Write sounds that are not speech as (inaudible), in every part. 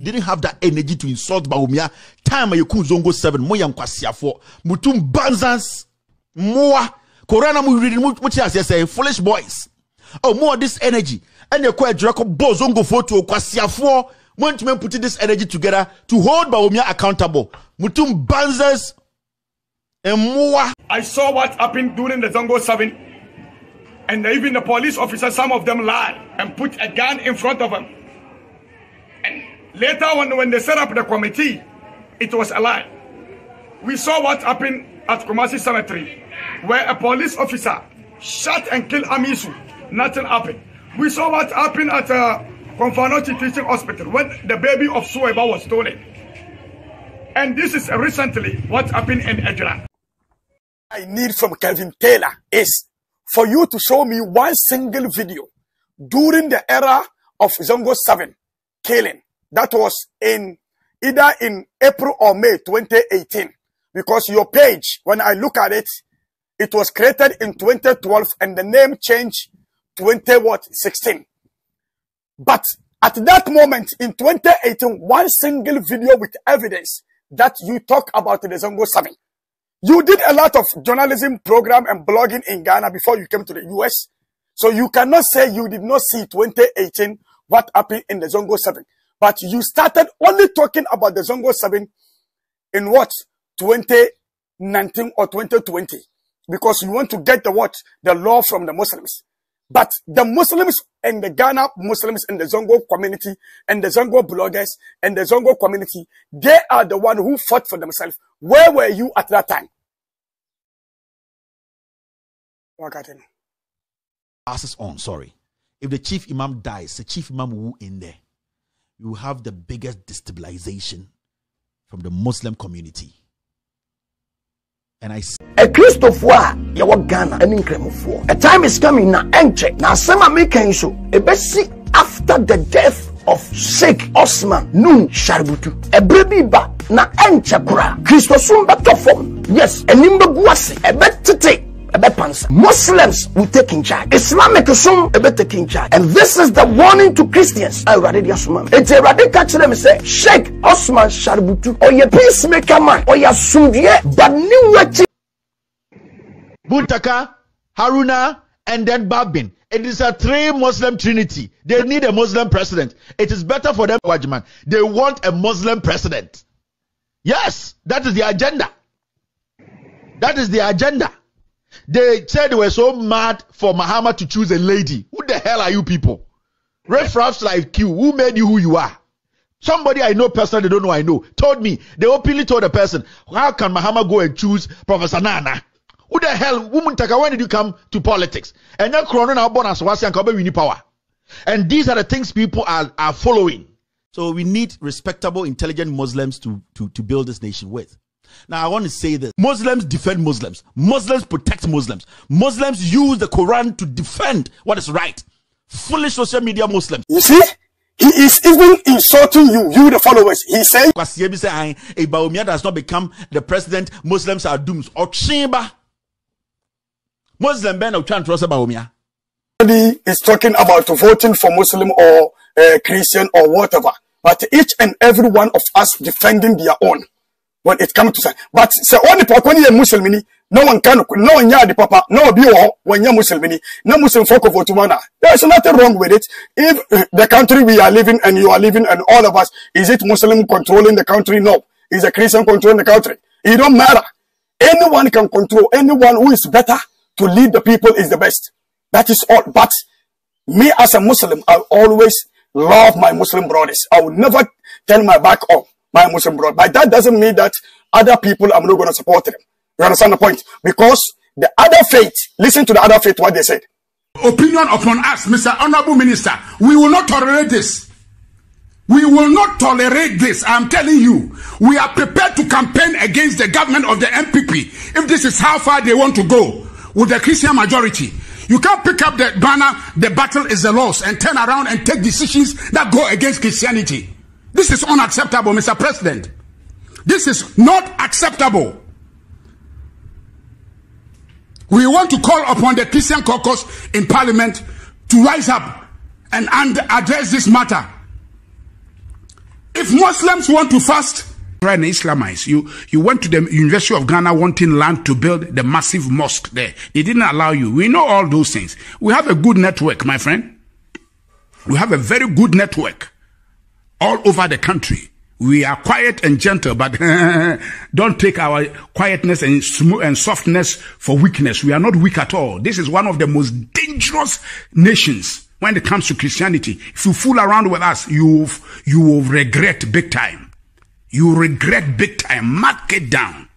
didn't have that energy to insult Baumia. Time you could zongo seven moya kwasiafo. Mutum banzans moa. Korana mu reading much as say foolish boys. Oh more this energy. And you quite draco bozongo photo kwasiafo. Want men put this energy together to hold Baumia accountable. Mutum banzans and eh, I saw what happened during the Zongo 7. And even the police officers, some of them lied and put a gun in front of them. Later on, when they set up the committee, it was a lie. We saw what happened at Kumasi Cemetery, where a police officer shot and killed Amisu. Nothing happened. We saw what happened at uh, Teaching Hospital when the baby of Sueba was stolen. And this is recently what happened in Ejra. I need from Kevin Taylor is for you to show me one single video during the era of Zongo 7 killing that was in either in April or May 2018. Because your page, when I look at it, it was created in 2012 and the name changed 20 what 16. But at that moment in 2018, one single video with evidence that you talk about the Zongo 7. You did a lot of journalism program and blogging in Ghana before you came to the US. So you cannot say you did not see 2018 what happened in the Zongo 7. But you started only talking about the Zongo 7 in what? 2019 or 2020. Because you want to get the what? The law from the Muslims. But the Muslims and the Ghana Muslims and the Zongo community and the Zongo bloggers and the Zongo community, they are the one who fought for themselves. Where were you at that time? Passes on, sorry. If the chief imam dies, the chief imam who in there you have the biggest destabilization from the Muslim community. And I a Christopher, you are Ghana and Incremofor. A time is coming now, Enter Now, some American so a basic after the death of Sheikh Osman Nun Sharbutu. A baby ba na enche bra. Christosum to form. Yes, a nimbaguasi, a bet take. Ebepansa. Muslims will take in charge. Islamic Sum will take in charge. And this is the warning to Christians. Awurade di asoma mi. Eti Awurade ka kyerɛ mi Sheikh Osman Shaributu ɔyɛ peacemaker man ɔyɛ asumdue but ne Buntaka, Haruna, and then Babin. It is a three Muslim trinity. They need a Muslim president. It is better for them, Wajman. They want a Muslim president. Yes, that is the agenda. That is the agenda. They said they were so mad for Muhammad to choose a lady. Who the hell are you people? Refraps like you. Who made you who you are? Somebody I know personally, They don't know I know, told me, they openly told the person, how can Muhammad go and choose Professor Nana? Who the hell, woman Taka, when did you come to politics? And then Corona now born as Wasi and we need power. And these are the things people are, are following. So we need respectable, intelligent Muslims to, to, to build this nation with. Now, I want to say this Muslims defend Muslims, Muslims protect Muslims, Muslims use the Quran to defend what is right. Foolish social media Muslims. You see? He is even insulting you, you the followers. He saying, Kwasiebi say, Baumia does not become the president, Muslims are doomed. Ochimba. Muslim Ben Ochan Trust Baumia? Nobody is talking about voting for Muslim or uh, Christian or whatever. But each and every one of us defending their own when it comes to say. But say only oh, papa when you're Muslim, no one can, no one yard papa, no be when you're Muslim, no Muslim folk of Otumana. There's nothing wrong with it. If eh, the country we are living and you are living and all of us, is it Muslim controlling the country? No. Is a Christian controlling the country? It don't matter. Anyone can control. Anyone who is better to lead the people is the best. That is all. But me as a Muslim, I always love my Muslim brothers. I will never turn my back on my Muslim brother. But that doesn't mean that other people I'm not going to support them. You understand the point? Because the other faith, listen to the other faith, what they said. Opinion upon us, Mr. Honorable Minister, we will not tolerate this. We will not tolerate this. I'm telling you, we are prepared to campaign against the government of the MPP if this is how far they want to go with the Christian majority. You can't pick up the banner, the battle is a loss, and turn around and take decisions that go against Christianity. This is unacceptable, Mr. President. This is not acceptable. We want to call upon the Christian caucus in parliament to rise up and, and address this matter. If Muslims want to fast, try and Islamize. You, you went to the University of Ghana wanting land to build the massive mosque there. They didn't allow you. We know all those things. We have a good network, my friend. We have a very good network all over the country. We are quiet and gentle, but (laughs) don't take our quietness and smooth and softness for weakness. We are not weak at all. This is one of the most dangerous nations when it comes to Christianity. If you fool around with us, you you will regret big time. You regret big time. Mark it down.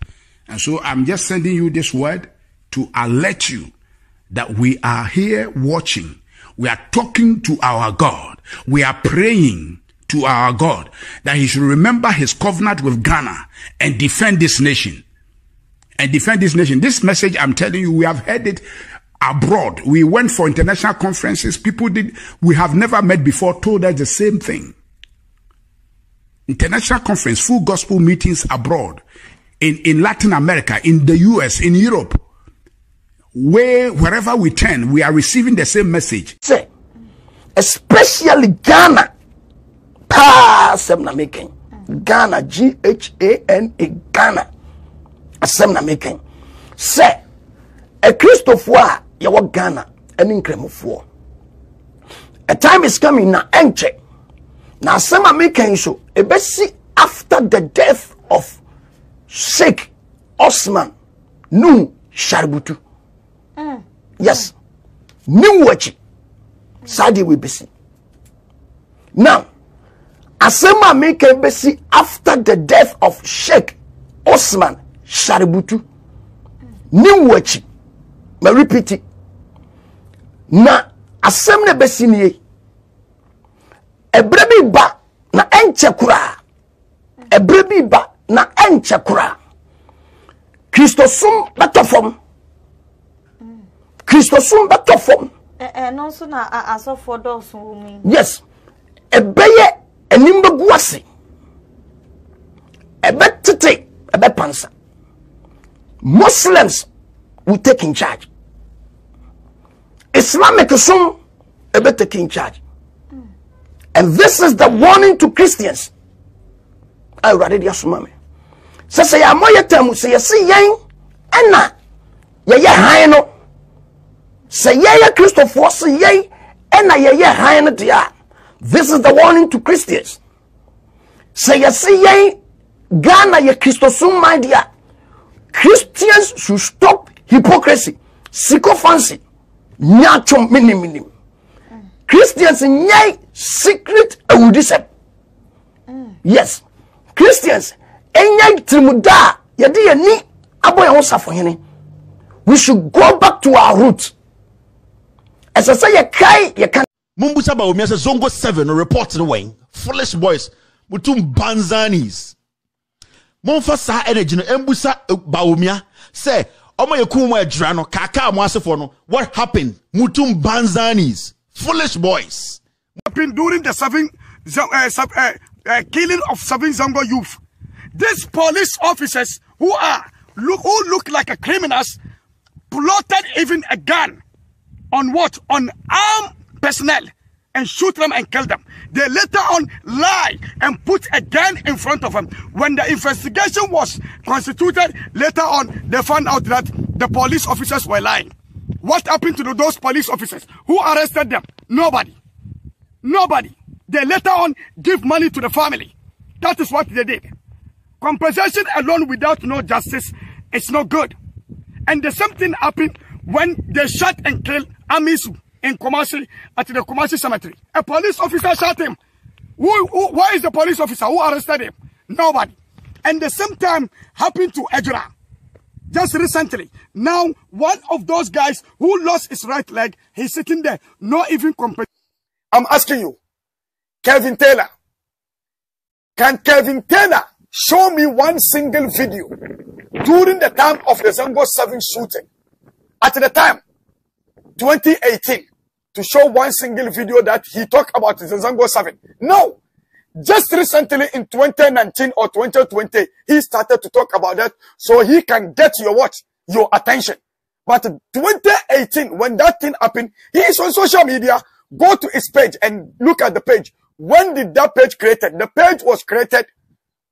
And so I'm just sending you this word to alert you that we are here watching. We are talking to our God. We are praying to our God that he should remember his covenant with Ghana and defend this nation. And defend this nation. This message, I'm telling you, we have heard it abroad. We went for international conferences. People did, we have never met before told us the same thing. International conference, full gospel meetings abroad, in, in Latin America, in the US, in Europe. Where, wherever we turn, we are receiving the same message. Especially Ghana paa asɛm na mekɛn ghana ghana ghana asɛm na mekɛn sɛ akristofoɔ a yɛwɔ ghana ne nkramofoɔ a time is coming na ɛnkyɛ na asɛm a mekɛn so ɛbɛsi after the death of sheikh osman nun shaributu mm. yes mm. new wɔkyi saa deɛ wɔbɛsi now asɛm a meka bɛsi after the death of sheikh osman shaributu ne wo akyi marepiti na asɛm no bɛsi nie ɛberɛ bi ba na ɛnkyɛ koraa ɛberɛ bi ba na ɛnkyɛ koraa kristosom bɛtɔ fam kristosom bɛtɔ eh, fam eh, na asɔfoɔ dɔɔso wɔ mu yes ɛbɛyɛ anim bɛgu ase ɛbɛtete ɛbɛpansa muslims will take in charge islamic som ɛbɛ take in charge and this is the warning to christians I de asoma me Se se yɛamɔ yɛ tam sɛ yɛse yɛn ɛna yɛyɛ han no sɛ yɛyɛ kristofoɔ se yɛn ɛna ena han no deɛ a This is the warning to Christians. Sɛ yɛsi yɛn Ghana yɛ Kristosum man di a Christians should stop hypocrisy, sycophancy, nyatwom miniminim. Christians nyɛ secret awudisɛm. Yes, Christians ɛnyɛ tirimuda a yɛde yɛn ni abɔ yɛn ho safohene. We should go back to our roots. Ɛsɛ sɛ yɛ kae yɛ kan. mumbusa ba omi zongo seven report the way. foolish boys mutum banzanis mumfa sa energy no embusa eh, ba omi a sɛ ɔmo kum no kaka mo no what happened mutum banzanis foolish boys. happened during the seven uh, sub, uh, uh, killing of seven zongo youth these police officers who are look who look like a criminals plotted even a gun on what on arm personnel and shoot them and kill them. They later on lie and put a gun in front of them. When the investigation was constituted, later on they found out that the police officers were lying. What happened to those police officers? Who arrested them? Nobody. Nobody. They later on give money to the family. That is what they did. Compensation alone without no justice is not good. And the same thing happened when they shot and killed Amisu in Kumasi at the Kumasi cemetery. A police officer shot him. Who, who, where is the police officer who arrested him? Nobody. And the same time happened to Ejra. Just recently. Now, one of those guys who lost his right leg, he's sitting there, not even competing. I'm asking you, Kevin Taylor, can Kevin Taylor show me one single video during the time of the Zango 7 shooting? At the time, 2018, to show one single video that he talked about Zanzango Seven. No. Just recently in 2019 or 2020, he started to talk about that so he can get your what? Your attention. But 2018, when that thing happened, he is on social media. Go to his page and look at the page. When did that page created? The page was created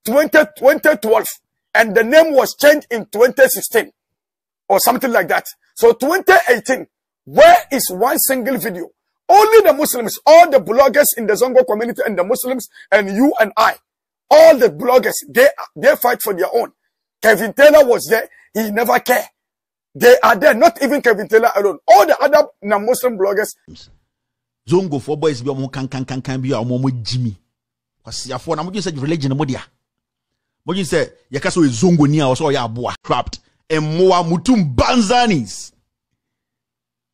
20, 2012 and the name was changed in 2016 or something like that. So 2018, where is one single video? Only the Muslims, all the bloggers in the Zongo community and the Muslims and you and I, all the bloggers, they, they fight for their own. Kevin Taylor was there. He never cared. They are there, not even Kevin Taylor alone. All the other non-Muslim bloggers. Zongo for boys be can can can can be a momo Jimmy. Kwasi am na mojin say religion mo dia. Mojin say yakaso zongo ni a oso ya aboa trapped. Emoa mutum banzanis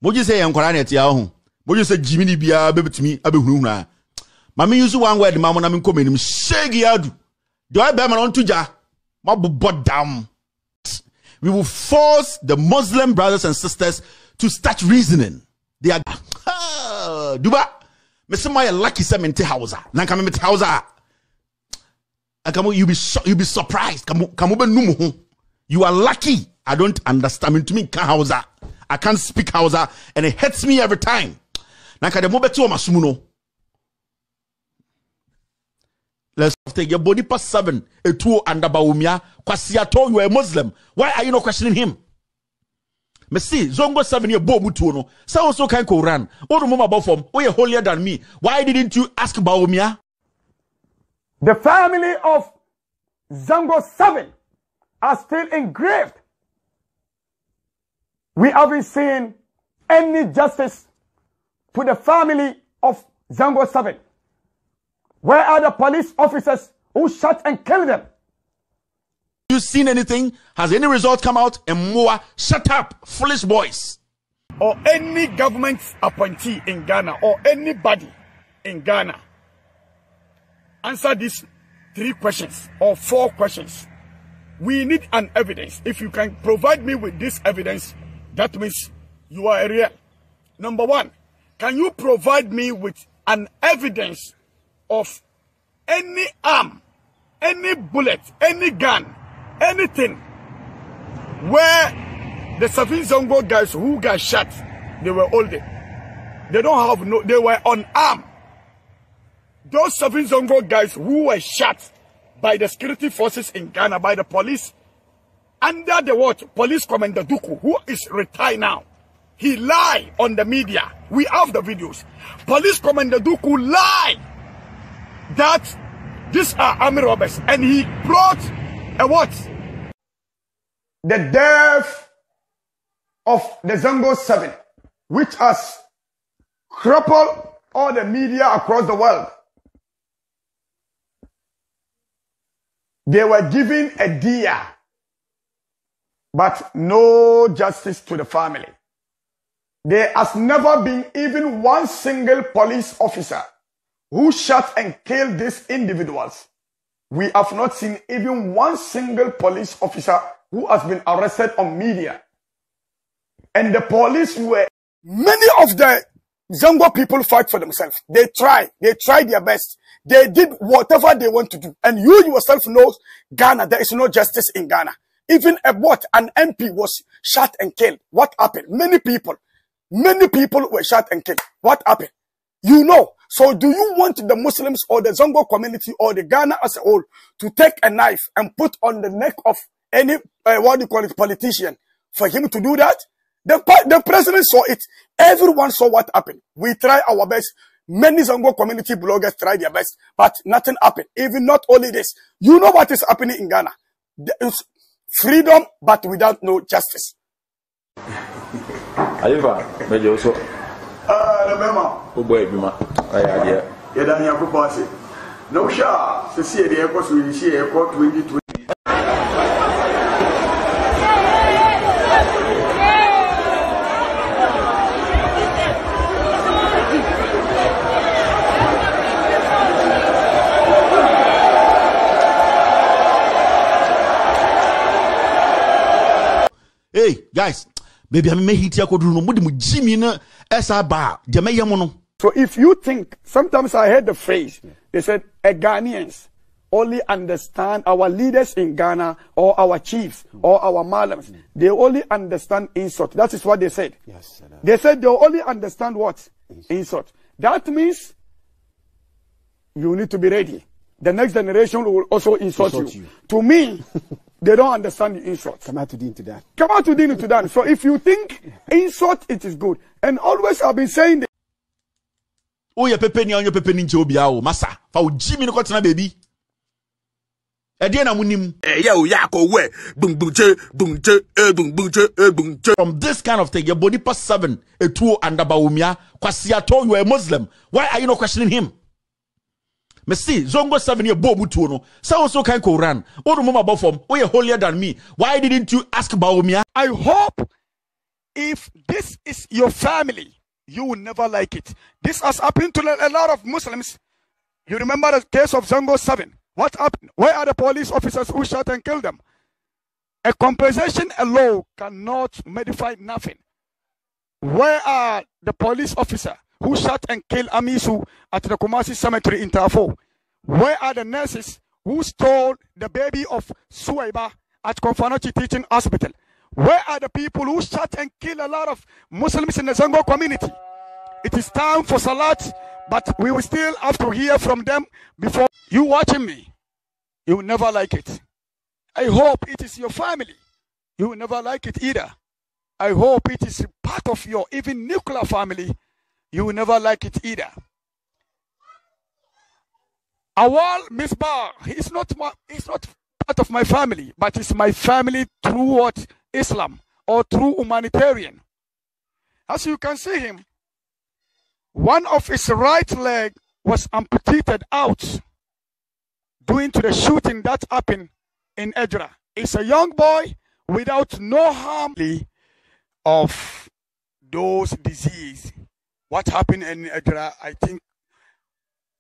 ho one word na we will force the muslim brothers and sisters to start reasoning they are duba mese moayɛ lucky sɛ mente hausa na nka memete hausa You'll you be you be surprised you are lucky i don't understand me nka hausa I can't speak Hausa and it hurts me every time. Now, can mobeti o masumuno. Let's take your body past seven, a two under Baumia, Kwasiato, you are a Muslim. Why are you not questioning him? Me see, Zongo seven year bo mutuono. So also can go run. Oh, the mama form. Oh, you're holier than me. Why didn't you ask Baumia? The family of Zango seven are still engraved we haven't seen any justice to the family of Zango 7. Where are the police officers who shot and killed them? You seen anything? Has any result come out? And more, shut up, foolish boys. Or any government appointee in Ghana or anybody in Ghana. Answer these three questions or four questions. We need an evidence. If you can provide me with this evidence, that means you are a real. Number one, can you provide me with an evidence of any arm, any bullet, any gun, anything where the Savin Zongo guys who got shot, they were older. They don't have no, they were unarmed. Those Savin Zongo guys who were shot by the security forces in Ghana, by the police, under the watch, police commander Duku, who is retired now. He lied on the media. We have the videos. Police commander Duku lied that these are army robbers. And he brought a what? The death of the Zango 7, which has crippled all the media across the world. They were given a deer but no justice to the family. There has never been even one single police officer who shot and killed these individuals. We have not seen even one single police officer who has been arrested on media. And the police were... Many of the Zongo people fight for themselves. They try. They try their best. They did whatever they want to do. And you yourself know Ghana, there is no justice in Ghana. Even a, what? An MP was shot and killed. What happened? Many people, many people were shot and killed. What happened? You know. So do you want the Muslims or the Zongo community or the Ghana as a whole to take a knife and put on the neck of any, uh, what do you call it, politician for him to do that? The, the president saw it. Everyone saw what happened. We try our best. Many Zongo community bloggers try their best, but nothing happened. Even not only this. You know what is happening in Ghana. freedom but without no justice. ayiwa mẹjọ sọ. ẹ ẹ bẹẹ ma. ó gbọ́ ẹbí ma ẹ yà á di ẹ. yẹ dání akópa ṣe n'o ṣá sisi yẹ de ẹ kọ so yìí ṣe ẹ kọ twenty twenty. guys baabi a memɛhiti akɔduru no mode mo gyimi no ɛsa ba a deɛ no so if you think sometimes i heard the phrase they said a ghanaians only understand our leaders in Ghana or our chiefs or our malams. They only understand insult. That is what they said. Yes, they said they only understand what? Insult. insult. That means you need to be ready the next generation will also insult, insult you. you. To me, (laughs) they don't understand the insult. Come out to din to that. Come out to din to that. So if you think insult, it is good. And always I've been saying that. Oh, your pepe ni anyo pepe ni nche obi awo. Masa, fa o jimi ni kotina baby. Edia na munim. Eya o ya we. Bum bum che, bum che, e bum bum che, e bum che. From this kind of thing, your body past seven, a two under Baumia, Kwasi told you are a Muslim. Why are you not questioning him? Messi zongo 7 yɛ bɔɔ mutuo no sɛ so kan kɔ ran wode moma form? fam woyɛ holier than me why didn't you ask baomia ah? i hope if this is your family you will never like it this has happened to a lot of muslims you remember the case of zongo 7 what happened where are the police officers who shot and killed them a compensation alone cannot modify nothing where are the police officer who shot and killed Amisu at the Kumasi Cemetery in Tafo? Where are the nurses who stole the baby of Suaiba at Konfanochi Teaching Hospital? Where are the people who shot and killed a lot of Muslims in the Zango community? It is time for Salat, but we will still have to hear from them before you watching me. You will never like it. I hope it is your family. You will never like it either. I hope it is part of your even nuclear family you will never like it either. Awal Bar he's not my, he's not part of my family, but it's my family through what Islam or through humanitarian. As you can see him, one of his right leg was amputated out due to the shooting that happened in Edra. It's a young boy without no harm of those disease what happened in Edra, I think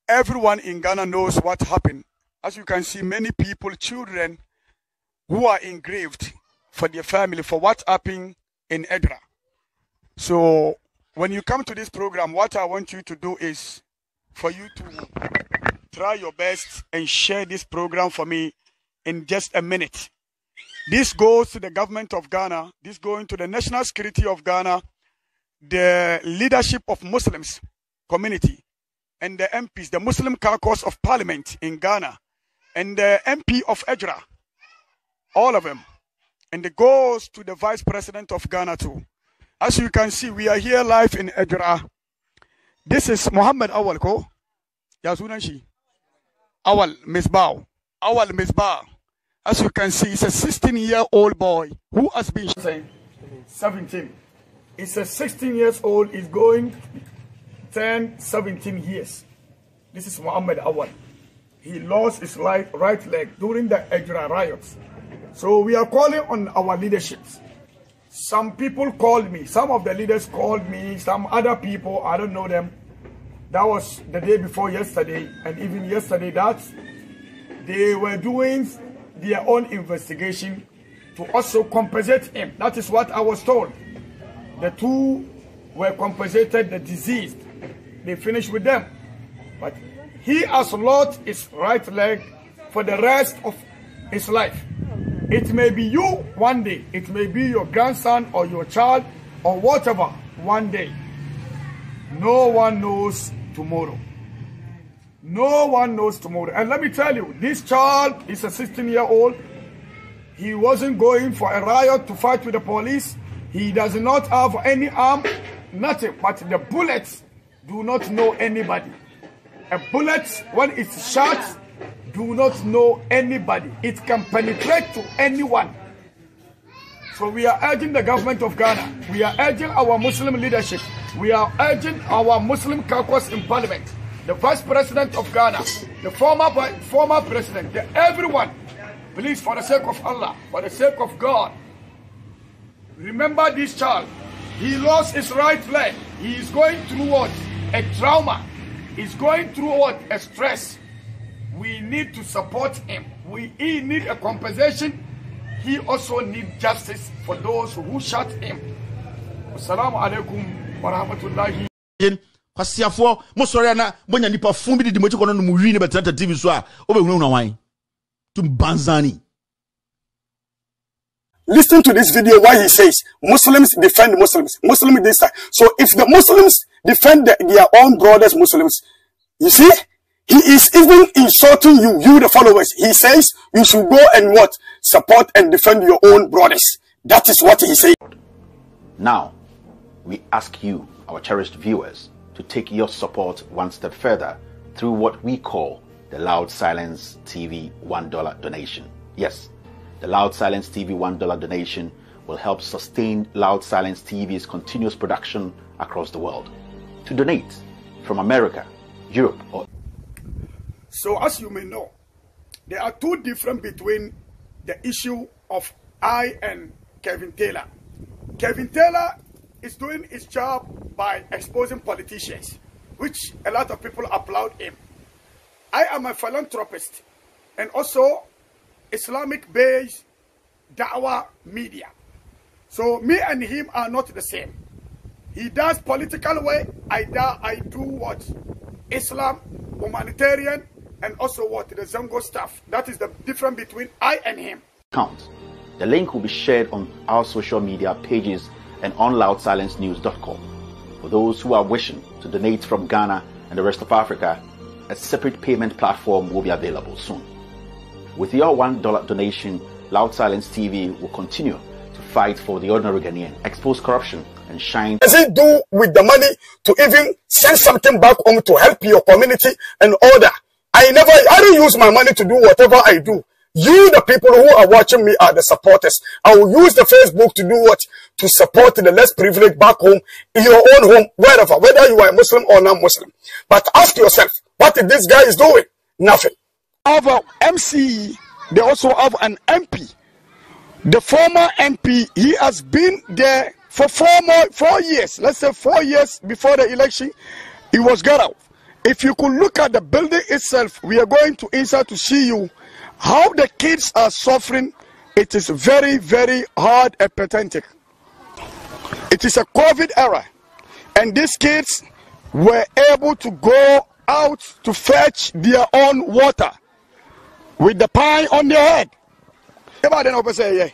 everyone in Ghana knows what happened. As you can see, many people, children who are engraved for their family for what happened in Edra. So when you come to this program, what I want you to do is for you to try your best and share this program for me in just a minute. This goes to the government of Ghana. This going to the national security of Ghana the leadership of Muslims community and the MPs, the Muslim caucus of parliament in Ghana, and the MP of Edra, all of them. And it goes to the vice president of Ghana too. As you can see, we are here live in Edra. This is Muhammad Awal Ko. Yazunanshi. Awal Misbah. Awal Misbah. As you can see, he's a 16 year old boy who has been 17. It's a 16 years old is going 10, 17 years. This is Muhammad Awad. He lost his life, right leg during the Ejra riots. So we are calling on our leaderships. Some people called me. Some of the leaders called me. Some other people, I don't know them. That was the day before yesterday. And even yesterday that they were doing their own investigation to also compensate him. That is what I was told. The two were compensated the deceased. They finished with them. But he has lost his right leg for the rest of his life. It may be you one day. It may be your grandson or your child or whatever one day. No one knows tomorrow. No one knows tomorrow. And let me tell you, this child is a 16 year old. He wasn't going for a riot to fight with the police. He does not have any arm, nothing, but the bullets do not know anybody. A bullet, when it's shot, do not know anybody. It can penetrate to anyone. So we are urging the government of Ghana. We are urging our Muslim leadership. We are urging our Muslim caucus in parliament. The vice president of Ghana, the former former president, the, everyone. Please, for the sake of Allah, for the sake of God, Remember this child. He lost his right leg. He is going through what? A trauma. He's going through what? A stress. We need to support him. We he need a compensation. He also need justice for those who shot him. Assalamu alaikum wa rahmatullahi. kwasiafoɔ mosɔre na moanya nipa fumbi di didi kono kɔ no no muwi ne bɛtenata tv so a wobɛhunahuna wan ntum banzani Listen to this video why he says Muslims defend Muslims. Muslims this side. So if the Muslims defend the, their own brothers Muslims, you see, he is even insulting you, you the followers. He says you should go and what? Support and defend your own brothers. That is what he said. Now, we ask you, our cherished viewers, to take your support one step further through what we call the Loud Silence TV $1 donation. Yes, the Loud Silence TV $1 donation will help sustain Loud Silence TV's continuous production across the world. To donate from America, Europe, or so as you may know, there are two different between the issue of I and Kevin Taylor. Kevin Taylor is doing his job by exposing politicians, which a lot of people applaud him. I am a philanthropist and also Islamic-based Dawa media. So me and him are not the same. He does political way, I do, I do what? Islam, humanitarian, and also what? The Zango stuff. That is the difference between I and him. Count. The link will be shared on our social media pages and on loudsilencenews.com. For those who are wishing to donate from Ghana and the rest of Africa, a separate payment platform will be available soon. With your $1 donation, Loud Silence TV will continue to fight for the ordinary Ghanaian, expose corruption, and shine. Does it do with the money to even send something back home to help your community and order? I never, I don't use my money to do whatever I do. You, the people who are watching me, are the supporters. I will use the Facebook to do what? To support the less privileged back home, in your own home, wherever, whether you are Muslim or non-Muslim. But ask yourself, what this guy is doing? Nothing have a MCE, they also have an MP. The former MP, he has been there for four more, four years. Let's say four years before the election, he was got out. If you could look at the building itself, we are going to inside to see you how the kids are suffering. It is very, very hard and pathetic. It is a COVID era, and these kids were able to go out to fetch their own water. with the pie on their head ɛbaa dɛn na wɔpɛ sɛ ɛyɛ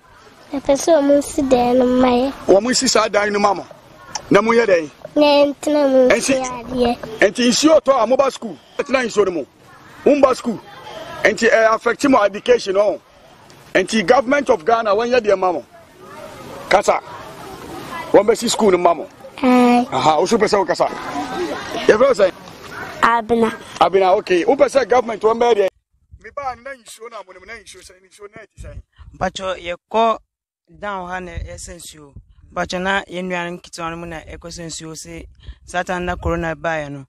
ɛpɛ sɛ ɔmo nsi dan no ma yɛ wɔn nsi saa dan no ma mo na mo yɛ dɛn na ɛntena mo nsi adeɛ ɛnti nsuo tɔ a mo ba sukuu ɛtena nsuo no mu mo ba sukuu ɛnti ɛɛ afɛkti mo education ɔn ɛnti government of ghana wɔn yɛ deɛ ma mo kasa wɔn bɛ si sukuu no ma aha o so pɛ o kasa yɛ fɛ o abina abina okay o pɛ government wɔn bɛ yɛ bani na nsuo na na nsuo na ɛte sɛn ha na ɛsɛ nsuo mpakyɛ na yɛnnua no nketewa no mu na ɛkɔ nsuo sɛ satan na corona na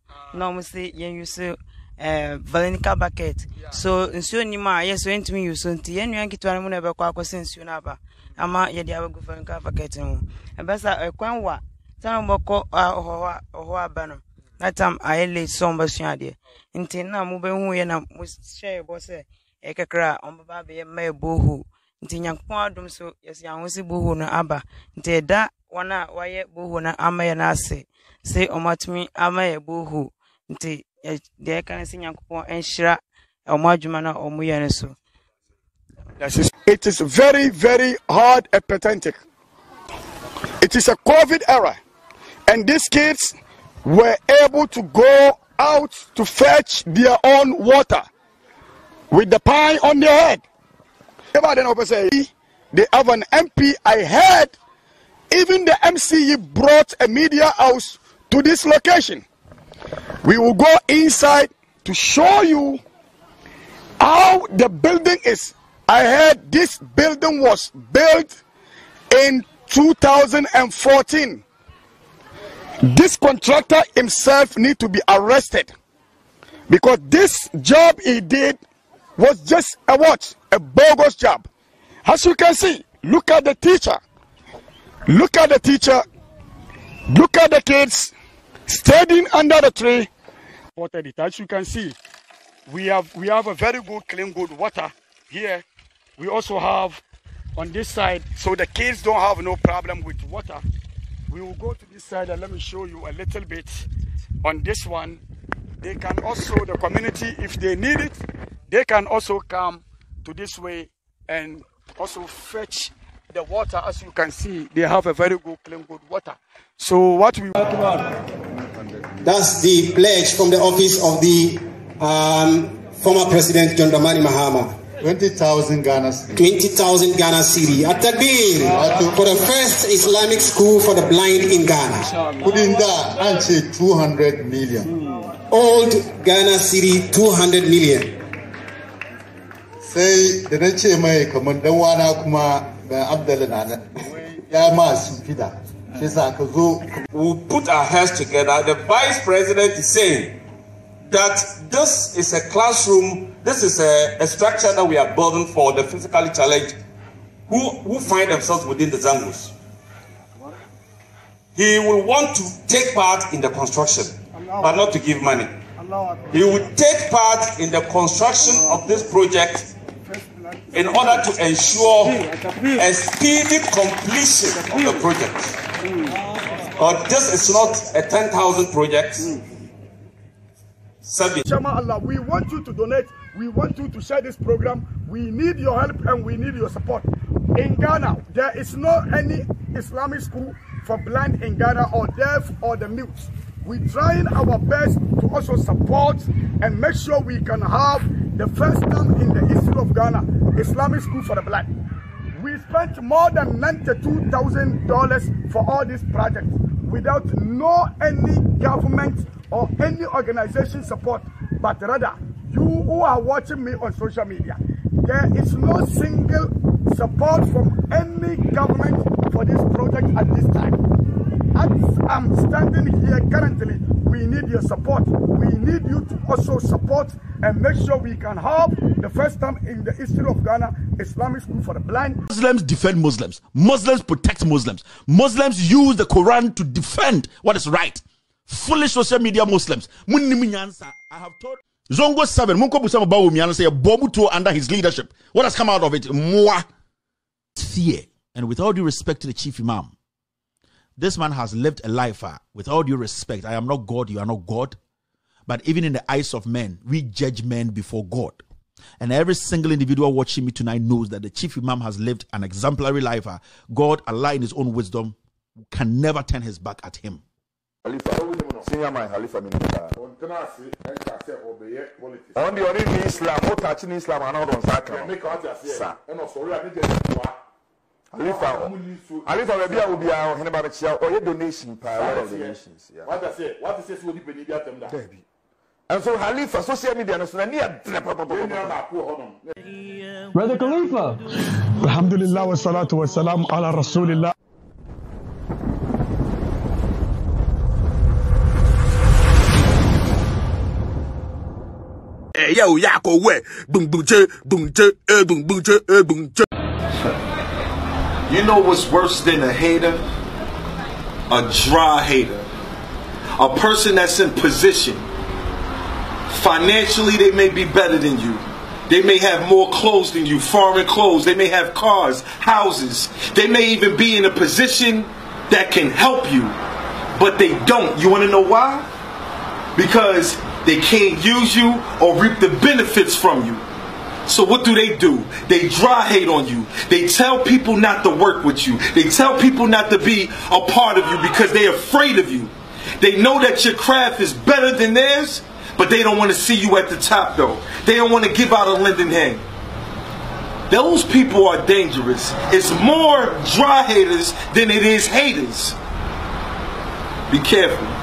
valenica bucket nsuo a yɛ so so nti na ɛbɛkɔ nsuo no aba ama yɛde abɛgu valenica bucket no mu ɛbɛsa ɛkwan wa that time ayɛ late sɛ ɔmbɛsua adeɛ nti na mobɛhu yɛ na mohyɛɛ bɔ sɛ ɛyɛ kakra a ɔmbɛba abɛyɛ mmaa boho nti nyankopɔn adom so yɛsɛ yɛn ho boho no aba nti ɛda wɔn a wɔayɛ boho no ama yɛ no ase sɛ ɔmatumi ama yɛ boho nti deɛ ɛka no sɛ nyankopɔn ɛnhyira ɔmo adwuma no a ɔmo yɛ no so It is very, very hard and pathetic. It is a COVID era. And these kids, were able to go out to fetch their own water with the pie on their head. They have an MP. I heard even the MCE brought a media house to this location. We will go inside to show you how the building is. I heard this building was built in 2014. This contractor himself need to be arrested because this job he did was just a what? A bogus job. As you can see, look at the teacher. Look at the teacher. Look at the kids standing under the tree. As you can see, we have we have a very good clean good water here. We also have on this side, so the kids don't have no problem with water we will go to this side and let me show you a little bit on this one they can also the community if they need it they can also come to this way and also fetch the water as you can see they have a very good clean good water so what we that's the pledge from the office of the um, former president john dramani mahama 20,000 Ghana Cedi. 20,000 Ghana Cedi. Atabir for the first Islamic school for the blind in Ghana. Kudinda Anche 200 million. Hmm. Old Ghana Cedi 200 million. Say the na ce mai kamar dan wana kuma da Abdalla fida. We put our heads together. The vice president is saying that this is a classroom this is a, a structure that we are building for the physically challenged who, who find themselves within the jungles. He will want to take part in the construction, but not to give money. He will take part in the construction of this project in order to ensure a speedy completion of the project. But this is not a 10,000 project. Shama Allah, we want you to donate we want you to share this program. We need your help and we need your support. In Ghana, there is no any Islamic school for blind in Ghana or deaf or the mute. We're trying our best to also support and make sure we can have the first time in the history of Ghana, Islamic school for the blind. We spent more than $92,000 for all these projects without no any government or any organization support, but rather you who are watching me on social media, there is no single support from any government for this project at this time. As I'm standing here currently, we need your support. We need you to also support and make sure we can help the first time in the history of Ghana Islamic school for the blind. Muslims defend Muslims. Muslims protect Muslims. Muslims use the Quran to defend what is right. Foolish social media Muslims. I have told Zongo 7, Munko Busama Bawumiana say Bobuto under his leadership. What has come out of it? Moi. Fear. And with all due respect to the chief imam, this man has lived a life. Uh, ah, with all due respect, I am not God, you are not God. But even in the eyes of men, we judge men before God. And every single individual watching me tonight knows that the chief imam has lived an exemplary life. Ah. God, Allah in his own wisdom, can never turn his back at him. senior man halifa minister. nìyà. ọ̀ntẹ́nà àti ẹ̀ka sẹ́ ọ̀bẹ̀yẹ politics. ọ̀n di ọ̀rí ní islam ó tàchí ní islam àná ọ̀dọ̀ nsá kan. ẹ̀mí kan á ti àṣẹ ẹ̀ ẹ̀nà sọ̀rọ̀ yà níjẹ̀ ní wa. halifa halifa bẹ̀bí àwọn obi àwọn ọ̀hìn bàbá kyia ọ̀yẹ́ donation pa ọ̀rọ̀ donations. wàá ti sẹ́ wàá ti sẹ́ sí onípe ní ibi àtẹ̀m dà. ẹ̀sọ́ social media ni sọ̀rọ̀ ní brother khalifa alhamdulillah, wa salatu wa salam ala rasulillah. yo, yako, we, boom, boom, che, boom, che, eh, boom, boom, che, eh, boom, che. You know what's worse than a hater? A dry hater. A person that's in position. Financially, they may be better than you. They may have more clothes than you, foreign clothes. They may have cars, houses. They may even be in a position that can help you, but they don't. You want to know why? Because they can't use you or reap the benefits from you. So what do they do? They dry hate on you. They tell people not to work with you. They tell people not to be a part of you because they're afraid of you. They know that your craft is better than theirs, but they don't want to see you at the top though. They don't want to give out a lending hand. Those people are dangerous. It's more dry haters than it is haters. Be careful.